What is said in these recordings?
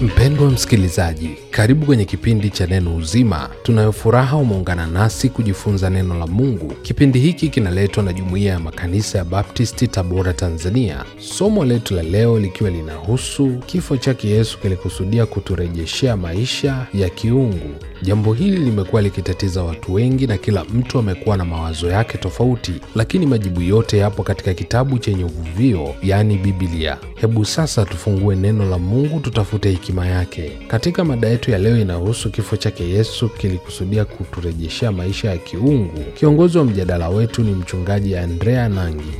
Mpendwa msikilizaji karibu kwenye kipindi cha Neno Uzima. Tunayo furaha umeungana nasi kujifunza neno la Mungu. Kipindi hiki kinaletwa na Jumuiya ya Makanisa ya Baptisti, Tabora, Tanzania. Somo letu la leo likiwa linahusu kifo chake Yesu kilikusudia kuturejeshea maisha ya kiungu. Jambo hili limekuwa likitatiza watu wengi na kila mtu amekuwa na mawazo yake tofauti, lakini majibu yote yapo katika kitabu chenye uvuvio, yani Biblia. Hebu sasa tufungue neno la Mungu, tutafute hekima yake katika mada yetu yetu ya leo inahusu kifo chake Yesu kilikusudia kuturejeshea maisha ya kiungu. Kiongozi wa mjadala wetu ni mchungaji Andrea Nangi.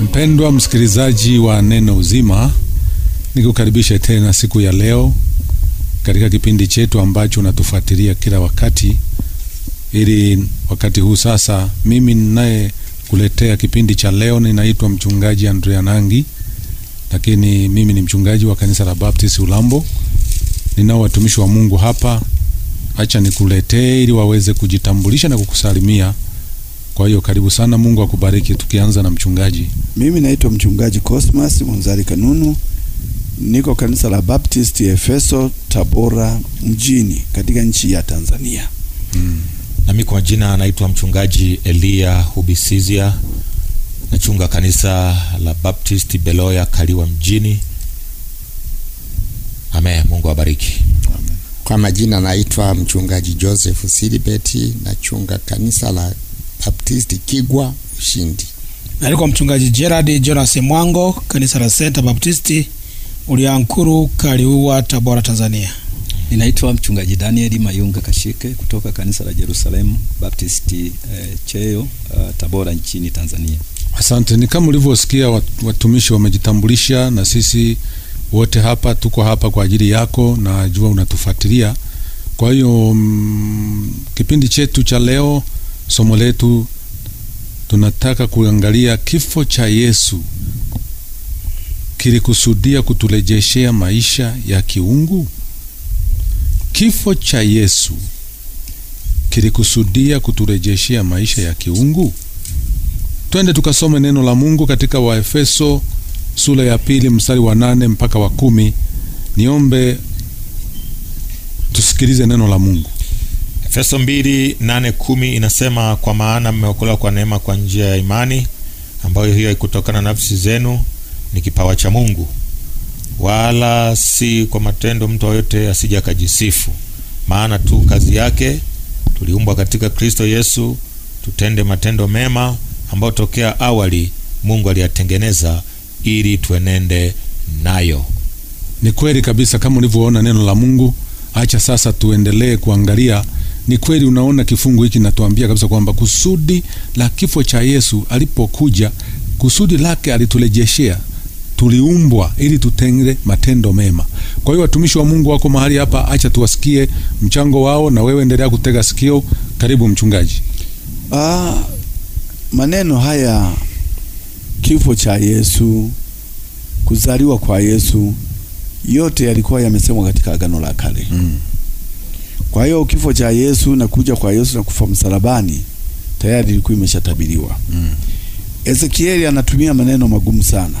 Mpendwa msikilizaji wa Neno Uzima, nikukaribishe tena siku ya leo katika kipindi chetu ambacho unatufuatilia kila wakati, ili wakati huu sasa, mimi ninaye kuletea kipindi cha leo ninaitwa mchungaji Andrea Nangi, lakini mimi ni mchungaji wa kanisa la Baptist Ulambo. Ninao watumishi wa Mungu hapa, acha nikuletee ili waweze kujitambulisha na kukusalimia. Kwa hiyo karibu sana, Mungu akubariki. Tukianza na mchungaji. Mimi naitwa mchungaji Cosmas Munzari Kanunu Niko kanisa la Baptisti Efeso, Tabora mjini, katika nchi ya Tanzania. Mm. Nami kwa jina anaitwa mchungaji Elia Hubisizia, nachunga kanisa la Baptisti Beloya, Kaliwa mjini. Amen, Mungu awabariki. Amen. Kwa majina naitwa mchungaji Joseph Silibeti, nachunga kanisa la Baptist Kigwa Ushindi. Nalikuwa mchungaji Gerard Jonas Mwango, kanisa la Center Baptist Uliankuru Kaliua, Tabora, Tanzania. Ninaitwa mchungaji Daniel Mayunga Kashike kutoka kanisa la Jerusalemu Baptist eh, Cheyo uh, eh, Tabora nchini Tanzania. Asante. Ni kama ulivyosikia, watumishi wamejitambulisha, na sisi wote hapa tuko hapa kwa ajili yako, na jua unatufuatilia. Kwa hiyo mm, kipindi chetu cha leo, somo letu tunataka kuangalia kifo cha Yesu kilikusudia kuturejeshea maisha ya kiungu? Kifo cha Yesu kilikusudia kuturejeshea maisha ya kiungu? Twende tukasome neno la Mungu katika Waefeso sura ya pili mstari wa nane mpaka wa kumi. Niombe tusikilize neno la Mungu. Efeso 2:8-10 inasema, kwa maana mmeokolewa kwa neema, kwa njia ya imani, ambayo hiyo haikutokana na nafsi zenu ni kipawa cha Mungu, wala si kwa matendo mtu yote asija kajisifu Maana tu kazi yake tuliumbwa katika Kristo Yesu tutende matendo mema ambayo tokea awali Mungu aliyatengeneza ili tuenende nayo. Ni kweli kabisa, kama ulivyoona neno la Mungu. Acha sasa tuendelee kuangalia. Ni kweli, unaona kifungu hiki natuambia kabisa kwamba kusudi la kifo cha Yesu alipokuja, kusudi lake alitulejeshea tuliumbwa ili tutende matendo mema. Kwa hiyo watumishi wa Mungu wako mahali hapa, acha tuwasikie mchango wao, na wewe endelea kutega sikio. Karibu mchungaji. Ah, maneno haya, kifo cha Yesu, kuzaliwa kwa Yesu, yote yalikuwa yamesemwa katika Agano la Kale mm. Kwa hiyo kifo cha Yesu na kuja kwa Yesu na kufa msalabani tayari ilikuwa imeshatabiriwa mm. Ezekieli anatumia maneno magumu sana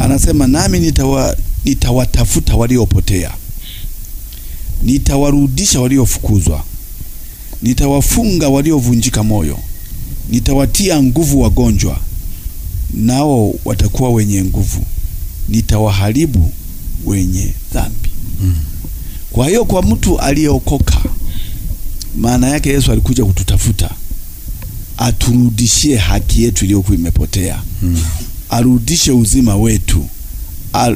anasema nami nitawa, nitawatafuta waliopotea, nitawarudisha waliofukuzwa, nitawafunga waliovunjika moyo, nitawatia nguvu wagonjwa, nao watakuwa wenye nguvu, nitawaharibu wenye dhambi. Mm. Kwa hiyo kwa mtu aliyeokoka, maana yake Yesu alikuja kututafuta aturudishie haki yetu iliyokuwa imepotea. Mm arudishe uzima wetu.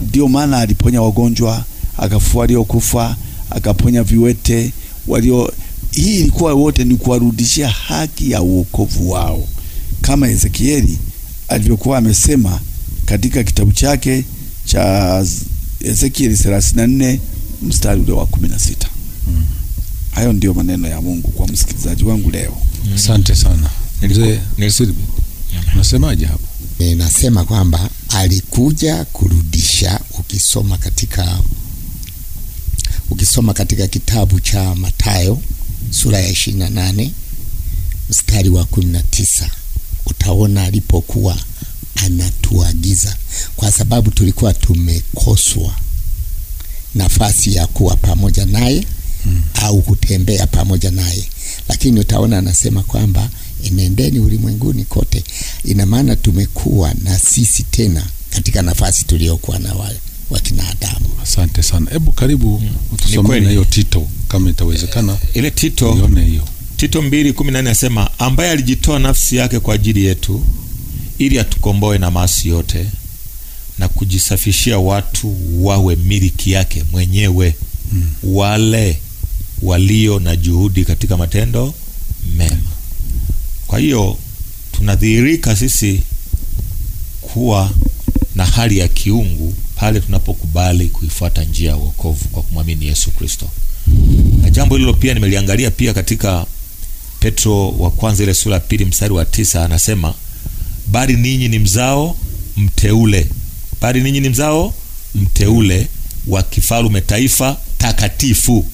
Ndio maana aliponya wagonjwa, akafufua waliokufa, akaponya viwete walio. Hii ilikuwa wote ni kuwarudishia haki ya wokovu wao, kama Ezekieli alivyokuwa amesema katika kitabu chake cha Ezekieli 34 mstari ule wa 16. Mm. Hayo ndiyo maneno ya Mungu kwa msikilizaji wangu leo. Asante mm. sana. Mzee Unasemaje hapo? e, nasema kwamba alikuja kurudisha. Ukisoma katika ukisoma katika kitabu cha Mathayo sura ya ishirini na nane mstari wa kumi na tisa utaona alipokuwa anatuagiza, kwa sababu tulikuwa tumekoswa nafasi ya kuwa pamoja naye hmm, au kutembea pamoja naye, lakini utaona anasema kwamba enendeni ulimwenguni kote. Ina maana tumekuwa na sisi tena katika nafasi tuliyokuwa na wale wa kinadamu. Asante sana, hebu karibu mm. utusomee na hiyo Tito kama itawezekana. E, ile Tito ione hiyo Tito 2:18 anasema, ambaye alijitoa nafsi yake kwa ajili yetu ili atukomboe na maasi yote na kujisafishia watu wawe miliki yake mwenyewe mm. wale walio na juhudi katika matendo mema. Kwa hiyo tunadhihirika sisi kuwa na hali ya kiungu pale tunapokubali kuifuata njia ya wokovu kwa kumwamini Yesu Kristo. Na jambo hilo pia nimeliangalia pia katika Petro wa kwanza ile sura ya pili mstari wa tisa anasema, bali ninyi ni mzao mteule, bali ninyi ni mzao mteule wa kifalume, taifa takatifu,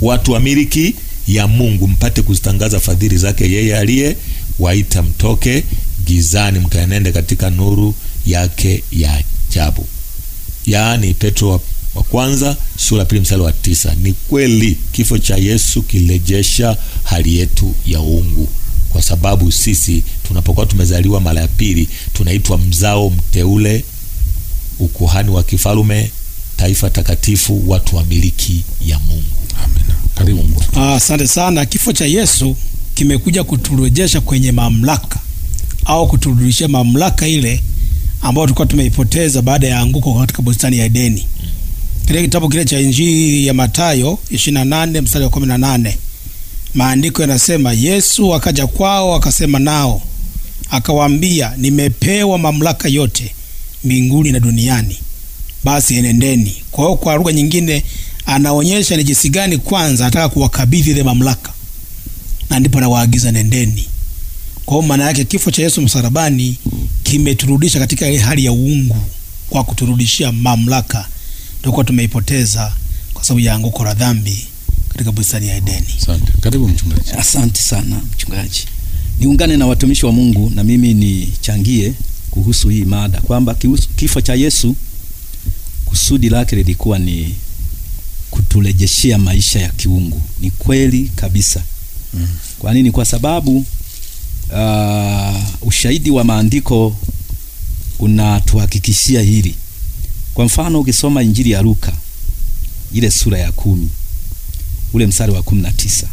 watu wa miliki ya Mungu, mpate kuzitangaza fadhili zake yeye aliye waita mtoke gizani mkaenende katika nuru yake ya ajabu. Yaani Petro wa, wa kwanza sura pili mstari wa tisa. Ni kweli kifo cha Yesu kilejesha hali yetu ya uungu kwa sababu sisi tunapokuwa tumezaliwa mara ya pili tunaitwa mzao mteule, ukuhani wa kifalume, taifa takatifu, watu wa miliki ya Mungu. Amen. Karibu mbona. Ah, asante ah, sana. Kifo cha Yesu kimekuja kuturejesha kwenye mamlaka au kuturudishia mamlaka ile ambayo tulikuwa tumeipoteza baada ya anguko katika bustani ya Edeni. Kile kitabu kile cha Injili ya Mathayo 28 mstari wa 18. Maandiko yanasema Yesu akaja kwao akasema nao akawaambia, nimepewa mamlaka yote mbinguni na duniani, basi enendeni. Kwa hiyo kwa lugha nyingine anaonyesha ni jinsi gani kwanza anataka kuwakabidhi ile mamlaka, na ndipo anawaagiza nendeni. Kwa hiyo maana yake kifo cha Yesu msalabani kimeturudisha katika ile hali ya uungu kwa kuturudishia mamlaka tulikuwa tumeipoteza kwa sababu ya anguko la dhambi katika bustani ya Edeni. Asante. Karibu mchungaji. Asante sana mchungaji. Niungane na watumishi wa Mungu na mimi nichangie kuhusu hii mada kwamba kifo cha Yesu kusudi lake lilikuwa ni kuturejeshea maisha ya kiungu. Ni kweli kabisa. Mm. Kwa nini? Kwa sababu uh, ushahidi wa maandiko unatuhakikishia hili. Kwa mfano ukisoma Injili ya Luka ile sura ya kumi ule msari wa kumi na tisa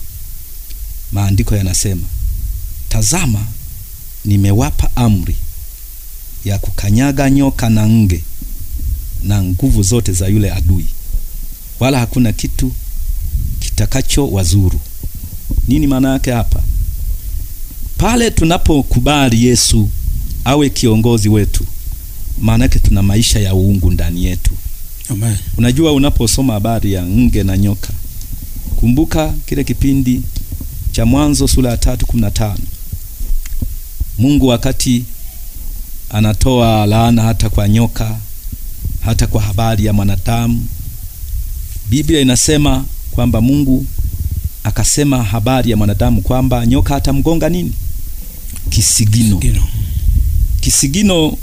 maandiko yanasema, tazama, nimewapa amri ya kukanyaga nyoka na nge na nguvu zote za yule adui, wala hakuna kitu kitakacho wazuru. Nini maana yake hapa? Pale tunapokubali Yesu awe kiongozi wetu, maana yake tuna maisha ya uungu ndani yetu. Amen. Unajua, unaposoma habari ya nge na nyoka, kumbuka kile kipindi cha Mwanzo sura ya tatu kumi na tano Mungu wakati anatoa laana hata kwa nyoka hata kwa habari ya mwanadamu Biblia inasema kwamba Mungu akasema habari ya mwanadamu kwamba nyoka atamgonga nini? Kisigino. Kisigino, kisigino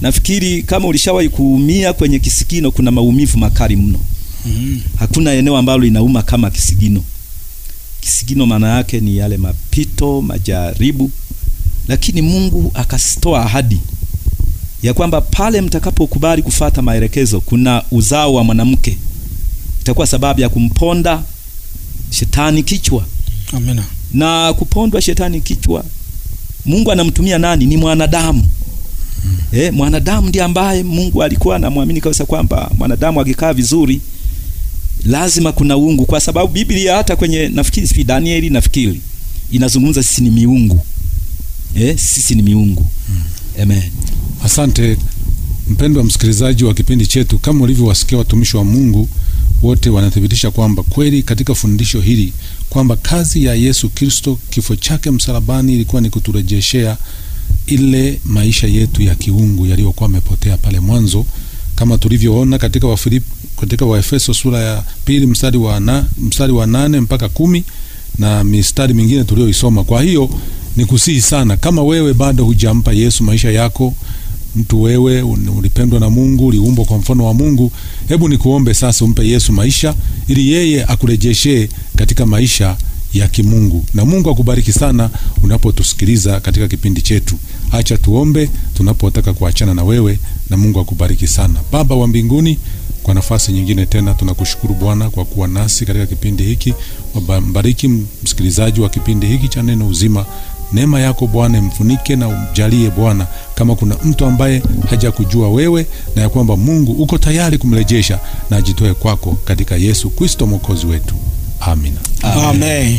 nafikiri kama ulishawahi kuumia kwenye kisigino, kuna maumivu makali mno. Mm. Hakuna eneo ambalo inauma kama kisigino. Kisigino maana yake ni yale mapito, majaribu. Lakini Mungu akasitoa ahadi ya kwamba pale mtakapokubali kufata maelekezo, kuna uzao wa mwanamke itakuwa sababu ya kumponda shetani kichwa. Amina. Na kupondwa shetani kichwa, Mungu anamtumia nani? Ni mwanadamu. Mm. Eh, mwanadamu ndiye ambaye Mungu alikuwa anamwamini kabisa kwamba mwanadamu akikaa vizuri lazima kuna uungu, kwa sababu Biblia hata kwenye nafikiri si Danieli nafikiri inazungumza sisi ni miungu eh, sisi ni miungu mm. Amen. Asante mpendwa msikilizaji wa kipindi chetu, kama ulivyowasikia watumishi wa Mungu wote wanathibitisha kwamba kweli katika fundisho hili kwamba kazi ya Yesu Kristo, kifo chake msalabani, ilikuwa ni kuturejeshea ile maisha yetu ya kiungu yaliyokuwa amepotea pale mwanzo, kama tulivyoona katika wa Filipi, katika Waefeso sura ya pili mstari wa, na, mstari wa nane mpaka kumi na mistari mingine tuliyoisoma. Kwa hiyo ni kusihi sana, kama wewe bado hujampa Yesu maisha yako mtu wewe ulipendwa na Mungu, uliumbwa kwa mfano wa Mungu. Hebu nikuombe sasa umpe Yesu maisha ili yeye akurejeshe katika maisha ya kimungu. Na Mungu akubariki sana unapotusikiliza katika kipindi chetu. Acha tuombe tunapotaka kuachana na wewe, na Mungu akubariki sana. Baba wa mbinguni, kwa nafasi nyingine tena tunakushukuru Bwana kwa kuwa nasi katika kipindi hiki. Mbariki msikilizaji wa kipindi hiki cha Neno Uzima Neema yako Bwana imfunike na umjalie Bwana, kama kuna mtu ambaye hajakujua wewe, na ya kwamba Mungu uko tayari kumrejesha na ajitoe kwako, katika Yesu Kristo mwokozi wetu. Amina, amen, amen.